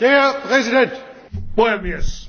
Der Präsident! Puhemies!